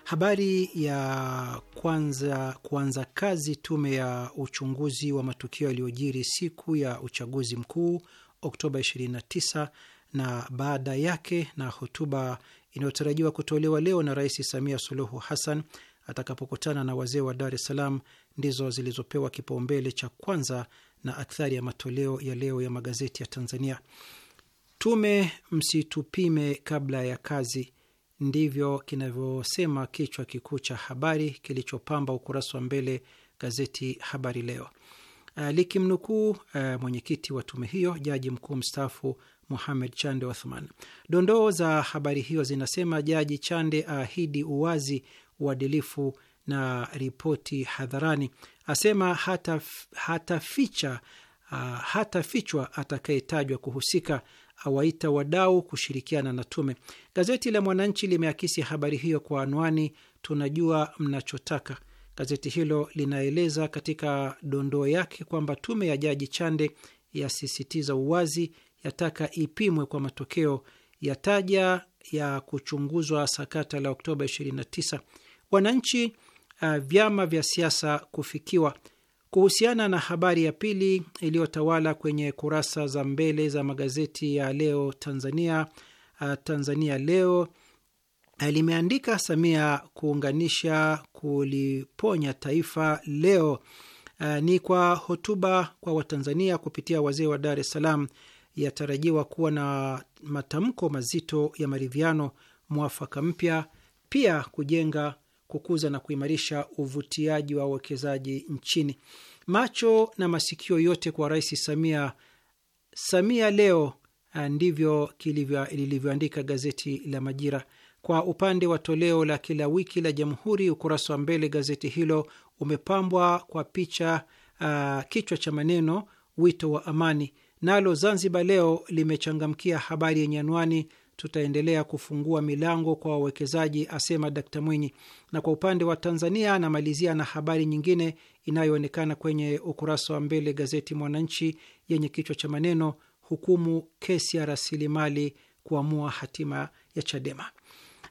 Habari ya kwanza kuanza kazi tume ya uchunguzi wa matukio yaliyojiri siku ya uchaguzi mkuu Oktoba 29 na baada yake na hotuba inayotarajiwa kutolewa leo na Rais Samia Suluhu Hassan atakapokutana na wazee wa Dar es Salaam ndizo zilizopewa kipaumbele cha kwanza na akthari ya matoleo ya leo ya magazeti ya Tanzania. Tume msitupime kabla ya kazi, ndivyo kinavyosema kichwa kikuu cha habari kilichopamba ukurasa wa mbele gazeti Habari Leo uh, likimnukuu uh, mwenyekiti wa tume hiyo, jaji mkuu mstaafu muhamed Chande Othman. Dondoo za habari hiyo zinasema jaji Chande aahidi uwazi, uadilifu na ripoti hadharani, asema uh, hatafichwa hata hata atakayetajwa kuhusika awaita wadau kushirikiana na tume. Gazeti la Mwananchi limeakisi habari hiyo kwa anwani, tunajua mnachotaka. Gazeti hilo linaeleza katika dondoo yake kwamba tume ya Jaji Chande yasisitiza uwazi, yataka ipimwe kwa matokeo, yataja ya kuchunguzwa sakata la Oktoba 29, wananchi, uh, vyama vya siasa kufikiwa Kuhusiana na habari ya pili iliyotawala kwenye kurasa za mbele za magazeti ya leo Tanzania, uh, Tanzania Leo uh, limeandika Samia kuunganisha kuliponya taifa leo. Uh, ni kwa hotuba kwa Watanzania kupitia wazee wa Dar es Salaam yatarajiwa kuwa na matamko mazito ya maridhiano, mwafaka mpya, pia kujenga kukuza na kuimarisha uvutiaji wa uwekezaji nchini. Macho na masikio yote kwa Rais Samia. Samia leo eh, ndivyo lilivyoandika gazeti la Majira. Kwa upande wa toleo la kila wiki la Jamhuri, ukurasa wa mbele gazeti hilo umepambwa kwa picha uh, kichwa cha maneno wito wa amani. Nalo Zanzibar Leo limechangamkia habari yenye anwani tutaendelea kufungua milango kwa wawekezaji, asema Dkt Mwinyi. Na kwa upande wa Tanzania anamalizia na habari nyingine inayoonekana kwenye ukurasa wa mbele gazeti Mwananchi yenye kichwa cha maneno hukumu kesi ya rasilimali kuamua hatima ya Chadema.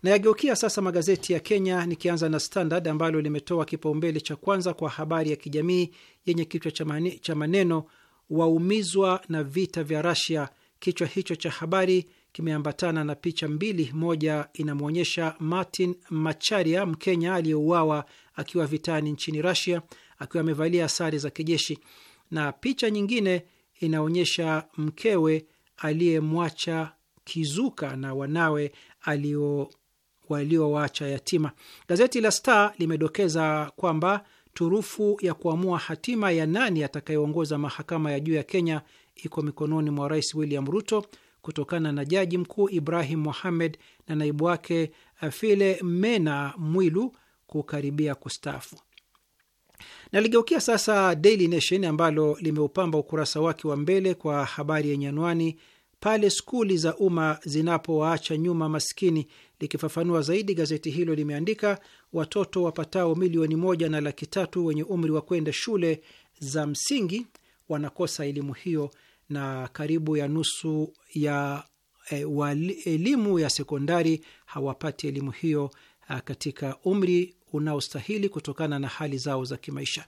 Nayageukia sasa magazeti ya Kenya, nikianza na Standard ambalo limetoa kipaumbele cha kwanza kwa habari ya kijamii yenye kichwa cha maneno waumizwa na vita vya Russia. Kichwa hicho cha habari kimeambatana na picha mbili. Moja inamwonyesha Martin Macharia, Mkenya aliyeuawa akiwa vitani nchini rasia akiwa amevalia sare za kijeshi, na picha nyingine inaonyesha mkewe aliyemwacha kizuka na wanawe waliowaacha yatima. Gazeti la Star limedokeza kwamba turufu ya kuamua hatima ya nani atakayeongoza mahakama ya juu ya Kenya iko mikononi mwa Rais William Ruto kutokana na jaji mkuu Ibrahim Mohamed na naibu wake eh, File Mena Mwilu kukaribia kustaafu. Naligeukia sasa Daily Nation ambalo limeupamba ukurasa wake wa mbele kwa habari yenye anwani pale skuli za umma zinapowaacha nyuma maskini. Likifafanua zaidi, gazeti hilo limeandika watoto wapatao milioni moja na laki tatu wenye umri wa kwenda shule za msingi wanakosa elimu hiyo na karibu ya nusu ya eh, elimu ya sekondari hawapati elimu hiyo ah, katika umri unaostahili kutokana na hali zao za kimaisha.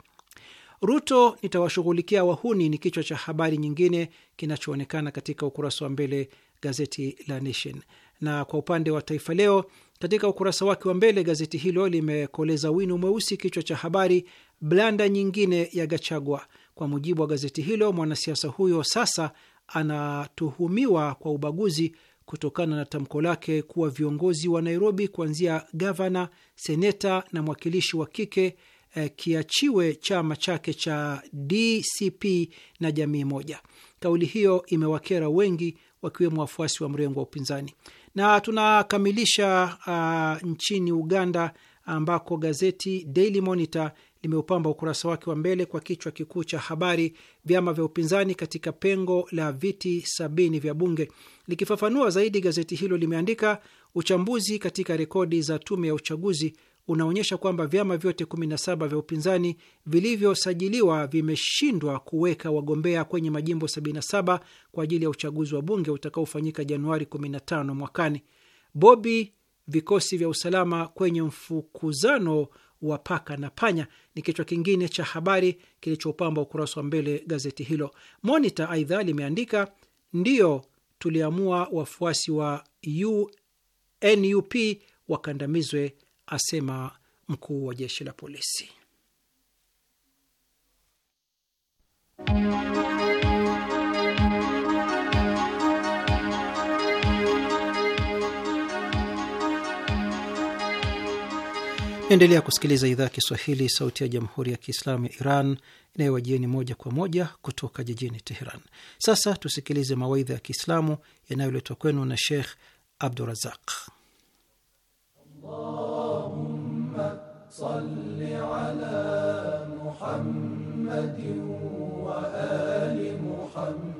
Ruto nitawashughulikia wahuni ni kichwa cha habari nyingine kinachoonekana katika ukurasa wa mbele gazeti la Nation. Na kwa upande wa Taifa Leo, katika ukurasa wake wa mbele gazeti hilo limekoleza wino mweusi kichwa cha habari, blanda nyingine ya Gachagua. Kwa mujibu wa gazeti hilo, mwanasiasa huyo sasa anatuhumiwa kwa ubaguzi kutokana na tamko lake kuwa viongozi wa Nairobi, kuanzia gavana, seneta na mwakilishi wa kike eh, kiachiwe chama chake cha DCP na jamii moja. Kauli hiyo imewakera wengi, wakiwemo wafuasi wa mrengo wa upinzani. Na tunakamilisha uh, nchini Uganda ambako gazeti Daily Monitor limeupamba ukurasa wake wa mbele kwa kichwa kikuu cha habari, vyama vya upinzani katika pengo la viti sabini vya bunge. Likifafanua zaidi, gazeti hilo limeandika uchambuzi katika rekodi za tume ya uchaguzi unaonyesha kwamba vyama vyote 17 vya upinzani vilivyosajiliwa vimeshindwa kuweka wagombea kwenye majimbo 77 kwa ajili ya uchaguzi wa bunge utakaofanyika Januari 15 mwakani. Bobi vikosi vya usalama kwenye mfukuzano wa paka na panya ni kichwa kingine cha habari kilichopamba ukurasa wa mbele gazeti hilo. Monita aidha limeandika ndiyo tuliamua wafuasi wa NUP wakandamizwe, asema mkuu wa jeshi la polisi. Naendelea kusikiliza idhaa ya Kiswahili, sauti ya jamhuri ya kiislamu ya Iran inayowajieni moja kwa moja kutoka jijini Teheran. Sasa tusikilize mawaidha ya Kiislamu yanayoletwa kwenu na Sheikh Abdurazaq. Allahumma salli ala Muhammadin wa ali Muhammad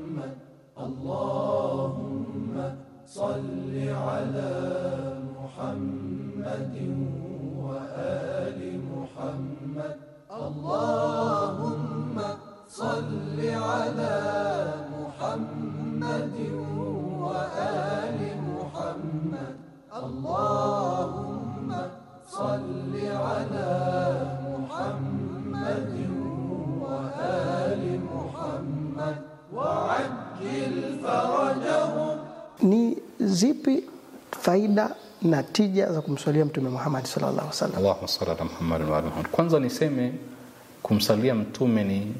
na tija za kumswalia Mtume Muhammad sallallahu alaihi wasallam. Allahumma salli ala Muhammad wa ali Muhammad. Kwanza niseme kumsalia mtume ni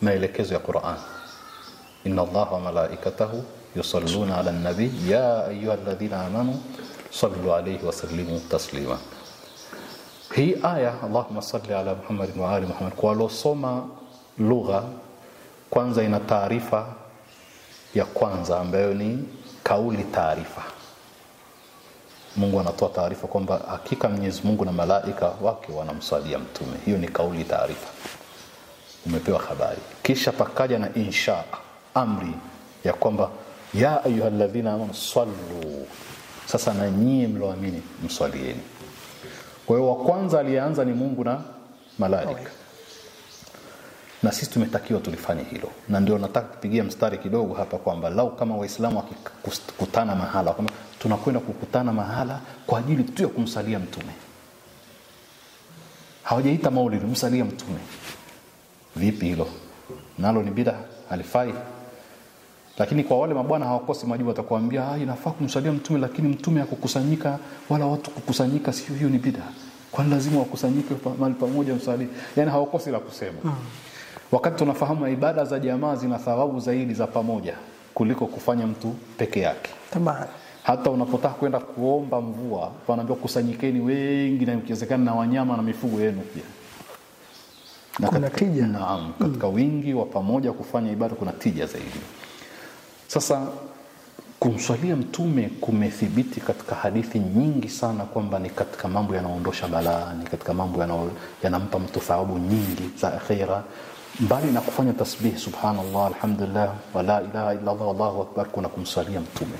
maelekezo ya Qur'an. Inna Allaha wa malaikatahu yusalluna ala nabi ya ayyuhalladhina amanu sallu alayhi wa sallimu taslima. Hii aya Allahumma salli ala Muhammad wa ali Muhammad kwa losoma lugha kwanza ina taarifa ya kwanza ambayo ni kauli taarifa Mungu anatoa taarifa kwamba hakika Mwenyezi Mungu na malaika wake wanamswalia mtume. Hiyo ni kauli, taarifa, umepewa habari. Kisha pakaja na insha, amri ya kwamba ya ayyuhalladhina amanu sallu, sasa na nyie mloamini mswalieni. Kwa hiyo wa kwanza aliyeanza ni Mungu na malaika, na sisi tumetakiwa tulifanye hilo, na ndio nataka kupigia mstari kidogo hapa kwamba lau kama Waislamu wakikutana mahala kwamba tunakwenda kukutana mahala kwa ajili tu ya kumsalia mtume hawajaita maulidi msalia mtume vipi hilo nalo ni bida halifai lakini kwa wale mabwana hawakosi majibu watakuambia ah, inafaa kumsalia mtume lakini mtume akukusanyika wala watu kukusanyika sio hiyo ni bida kwani lazima wakusanyike mahali pamoja msali yani hawakosi la kusema hmm. wakati tunafahamu ibada za jamaa zina thawabu zaidi za pamoja kuliko kufanya mtu peke yake tabana hata unapotaka kwenda kuomba mvua wanaambiwa kusanyikeni wengi na ikiwezekana na wanyama na mifugo yenu pia na kuna katika, tija. Na, mm. katika mm. wingi wa pamoja kufanya ibada kuna tija zaidi. Sasa kumswalia Mtume kumethibiti katika hadithi nyingi sana kwamba ni katika mambo yanaondosha balaa, ni katika mambo yanampa mtu thawabu nyingi za akhira mbali na kufanya tasbihi subhanallah, alhamdulillah, wala ilaha illallah, wallahu akbar, kuna kumswalia Mtume.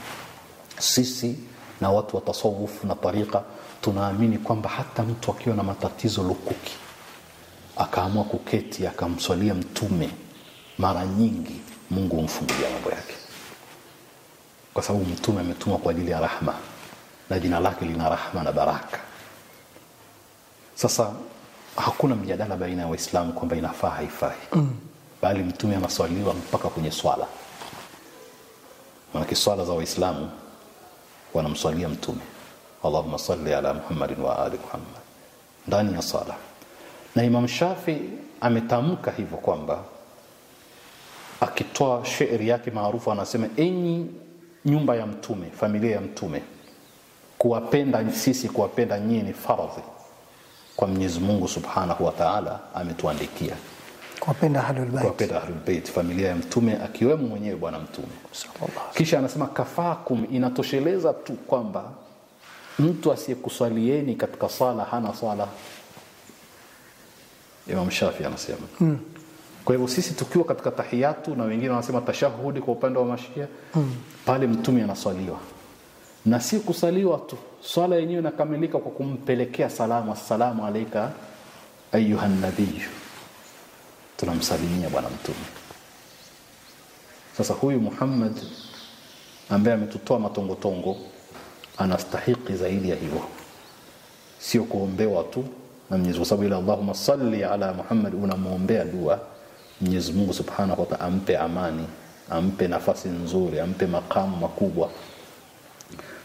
Sisi na watu wa tasawuf na tarika tunaamini kwamba hata mtu akiwa na matatizo lukuki akaamua kuketi akamswalia Mtume mara nyingi, Mungu humfungulia mambo yake, kwa sababu Mtume ametumwa kwa ajili ya rahma na jina lake lina rahma na baraka. Sasa hakuna mjadala baina ya Waislamu kwamba inafaa haifai, mm. bali Mtume anaswaliwa mpaka kwenye swala, manake swala za Waislamu wanamswalia mtume Allahumma salli ala Muhammadin wa ali Muhammad ndani ya sala. Na Imam Shafi ametamka hivyo kwamba akitoa sheri yake maarufu anasema, enyi nyumba ya mtume, familia ya mtume, kuwapenda sisi, kuwapenda nyinyi ni faradhi kwa Mwenyezi Mungu Subhanahu wa Ta'ala, ametuandikia kuwapenda ahlul familia ya Mtume akiwemo mwenyewe Bwana Mtume. Kisha anasema kafakum, inatosheleza tu kwamba mtu asiyekuswalieni katika sala hana sala. Imam Shafi anasema mm. Kwa hivyo sisi tukiwa katika tahiyatu na wengine wanasema tashahudi kwa upande wa mashia mm. Pale mtume anaswaliwa na si kusaliwa tu, swala yenyewe inakamilika kwa kumpelekea salamu, assalamu alaika ayuha nabiyu tunamsalimia bwana mtume sasa huyu Muhammad ambaye ametutoa matongotongo anastahiki zaidi ya hivyo sio kuombewa tu na Mwenyezi Mungu sababu ile Allahumma salli ala Muhammad unamuombea dua Mwenyezi Mungu Subhanahu wa Ta'ala ampe amani ampe nafasi nzuri ampe makamu makubwa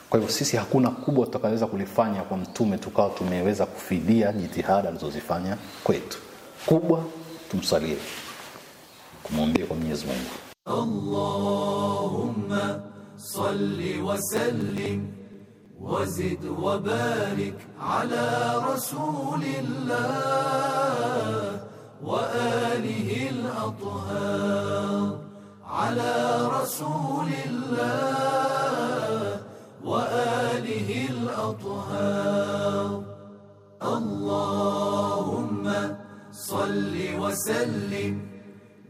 kwa hivyo sisi hakuna kubwa tutakaweza kulifanya kwa mtume tukawa tumeweza kufidia jitihada alizozifanya kwetu kubwa تمصليه كمنبيه ومنيز منه اللهم صل وسلم وزد وبارك على رسول الله وآله الأطهار على رسول الله وآله الأطهار الله صل وسلم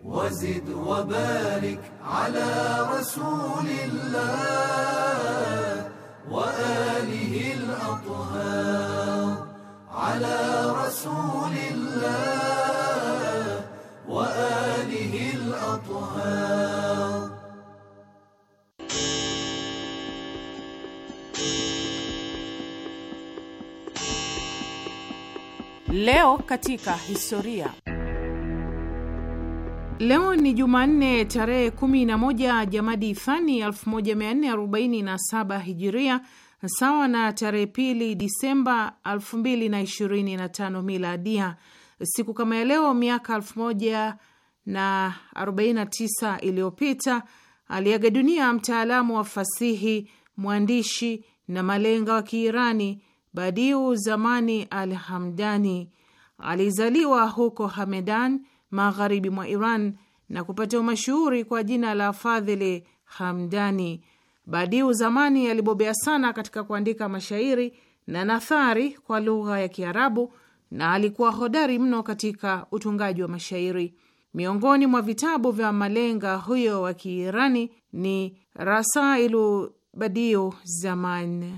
وزد وبارك على رسول الله وآله الأطهار على رسول الله وآله الأطهار Leo katika historia. Leo ni Jumanne tarehe 11 Jamadi Thani 1447 Hijiria, sawa na tarehe pili Disemba 2025 Miladia. Siku kama ya leo miaka 1049 iliyopita aliaga dunia mtaalamu wa fasihi, mwandishi na malenga wa Kiirani Badiu Zamani al Hamdani alizaliwa huko Hamedan, magharibi mwa Iran, na kupata umashuhuri kwa jina la Fadhili Hamdani. Badiu Zamani alibobea sana katika kuandika mashairi na nathari kwa lugha ya Kiarabu na alikuwa hodari mno katika utungaji wa mashairi. Miongoni mwa vitabu vya malenga huyo wa Kiirani ni Rasailu Badiu Zaman.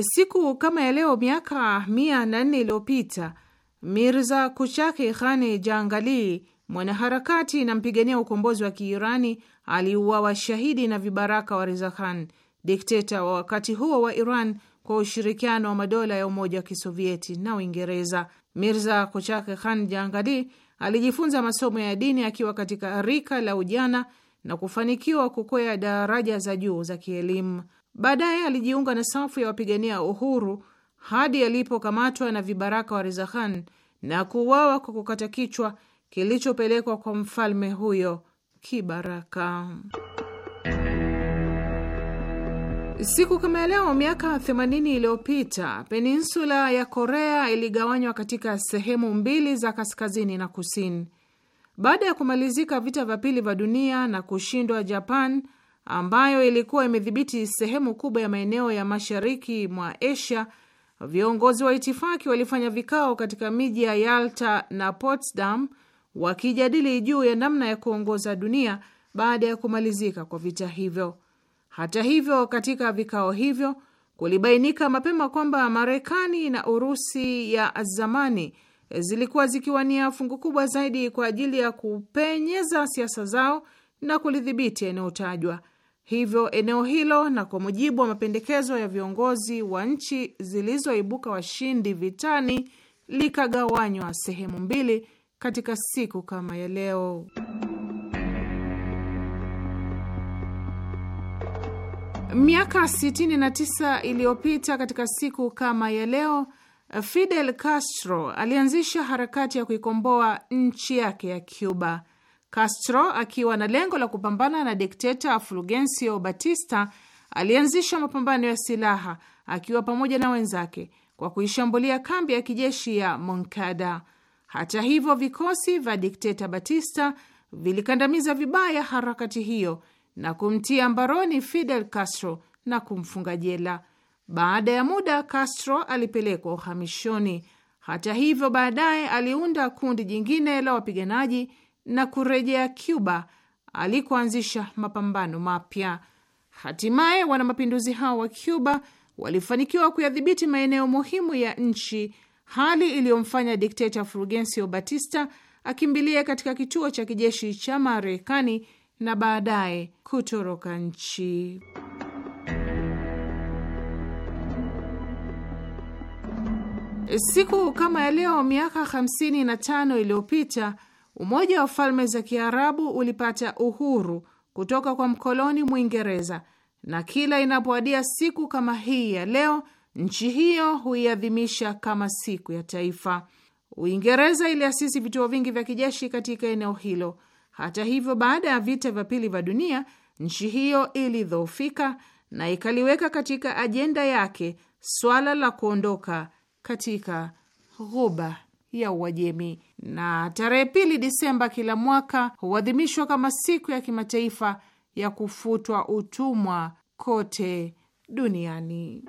Siku kama ya leo miaka mia na nne iliyopita Mirza Kuchake Khane Jangali, mwanaharakati na mpigania ukombozi wa Kiirani, aliuawa shahidi na vibaraka wa Reza Khan, dikteta wa wakati huo wa Iran, kwa ushirikiano wa madola ya Umoja wa Kisovieti na Uingereza. Mirza Kuchake Khan Jangali alijifunza masomo ya dini akiwa katika rika la ujana na kufanikiwa kukwea daraja za juu za kielimu. Baadaye alijiunga na safu ya wapigania uhuru hadi alipokamatwa na vibaraka wa Reza Khan na kuuawa kwa kukata kichwa kilichopelekwa kwa mfalme huyo kibaraka. Siku kama leo miaka 80 iliyopita peninsula ya Korea iligawanywa katika sehemu mbili za kaskazini na kusini. Baada ya kumalizika vita vya pili vya dunia na kushindwa Japan, ambayo ilikuwa imedhibiti sehemu kubwa ya maeneo ya mashariki mwa Asia, viongozi wa itifaki walifanya vikao katika miji ya Yalta na Potsdam wakijadili juu ya namna ya kuongoza dunia baada ya kumalizika kwa vita hivyo. Hata hivyo, katika vikao hivyo kulibainika mapema kwamba Marekani na Urusi ya zamani zilikuwa zikiwania fungu kubwa zaidi kwa ajili ya kupenyeza siasa zao na kulidhibiti eneo tajwa hivyo eneo hilo, na kwa mujibu wa mapendekezo ya viongozi wa nchi zilizoibuka washindi vitani, likagawanywa sehemu mbili katika siku kama ya leo. Miaka 69 iliyopita katika siku kama ya leo, Fidel Castro alianzisha harakati ya kuikomboa nchi yake ya Cuba. Castro akiwa na lengo la kupambana na dikteta Fulgencio Batista alianzisha mapambano ya silaha akiwa pamoja na wenzake kwa kuishambulia kambi ya kijeshi ya Moncada. Hata hivyo, vikosi vya dikteta Batista vilikandamiza vibaya harakati hiyo na kumtia mbaroni Fidel Castro na kumfunga jela. Baada ya muda, Castro alipelekwa uhamishoni. Hata hivyo, baadaye aliunda kundi jingine la wapiganaji na kurejea Cuba alikoanzisha mapambano mapya. Hatimaye wanamapinduzi hao wa Cuba walifanikiwa kuyadhibiti maeneo muhimu ya nchi, hali iliyomfanya dikteta Fulgencio Batista akimbilia katika kituo cha kijeshi cha Marekani na baadaye kutoroka nchi. Siku kama ya leo miaka 55 iliyopita Umoja wa Falme za Kiarabu ulipata uhuru kutoka kwa mkoloni Mwingereza, na kila inapoadia siku kama hii ya leo, nchi hiyo huiadhimisha kama siku ya taifa. Uingereza iliasisi vituo vingi vya kijeshi katika eneo hilo. Hata hivyo, baada ya vita vya pili vya dunia, nchi hiyo ilidhoofika na ikaliweka katika ajenda yake swala la kuondoka katika Ghuba ya Uajemi. Na tarehe pili Disemba kila mwaka huadhimishwa kama siku ya kimataifa ya kufutwa utumwa kote duniani.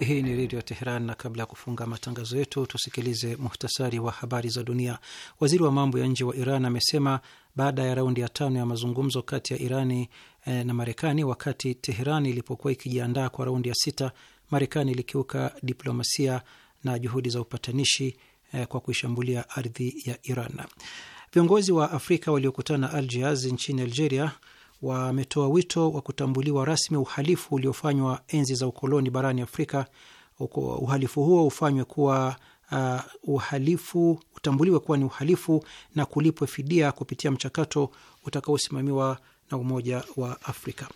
Hii ni Redio Teheran, na kabla ya kufunga matangazo yetu tusikilize muhtasari wa habari za dunia. Waziri wa mambo ya nje wa Iran amesema baada ya raundi ya tano ya mazungumzo kati ya Irani eh, na Marekani, wakati Teheran ilipokuwa ikijiandaa kwa raundi ya sita, Marekani ilikiuka diplomasia na juhudi za upatanishi eh, kwa kuishambulia ardhi ya Iran. Viongozi wa Afrika waliokutana Algiers nchini Algeria wametoa wito wa kutambuliwa rasmi uhalifu uliofanywa enzi za ukoloni barani Afrika. Uhalifu huo ufanywe kuwa uh, uhalifu utambuliwe kuwa ni uhalifu na kulipwe fidia kupitia mchakato utakaosimamiwa na Umoja wa Afrika.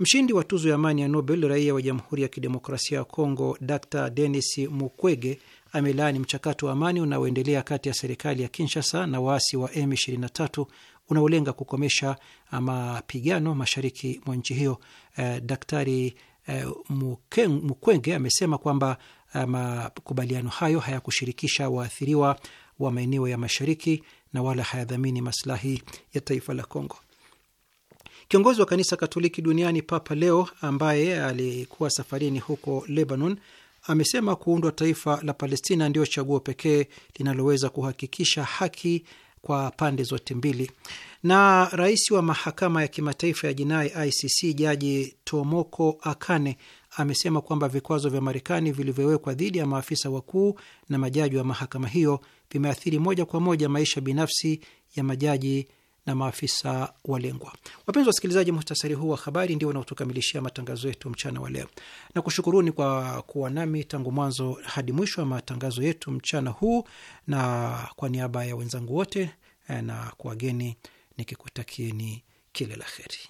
Mshindi wa tuzo ya amani ya Nobel, raia wa Jamhuri ya Kidemokrasia ya Kongo, Dr Denis Mukwege amelaani mchakato wa amani unaoendelea kati ya serikali ya Kinshasa na waasi wa M23 unaolenga kukomesha ah, mapigano mashariki mwa nchi hiyo. Eh, Daktari eh, Mukwege amesema kwamba ah, makubaliano hayo hayakushirikisha waathiriwa wa maeneo ya mashariki na wala hayadhamini maslahi ya taifa la Kongo. Kiongozi wa kanisa Katoliki duniani Papa Leo ambaye alikuwa safarini huko Lebanon amesema kuundwa taifa la Palestina ndio chaguo pekee linaloweza kuhakikisha haki kwa pande zote mbili. Na rais wa mahakama ya kimataifa ya jinai ICC Jaji Tomoko Akane amesema kwamba vikwazo vya Marekani vilivyowekwa dhidi ya maafisa wakuu na majaji wa mahakama hiyo vimeathiri moja kwa moja maisha binafsi ya majaji na maafisa walengwa. Wapenzi wasikilizaji, muhtasari huu wa habari ndio unaotukamilishia matangazo yetu mchana wa leo, na kushukuruni kwa kuwa nami tangu mwanzo hadi mwisho wa matangazo yetu mchana huu, na kwa niaba ya wenzangu wote eh, na kuwageni nikikutakieni kile la heri.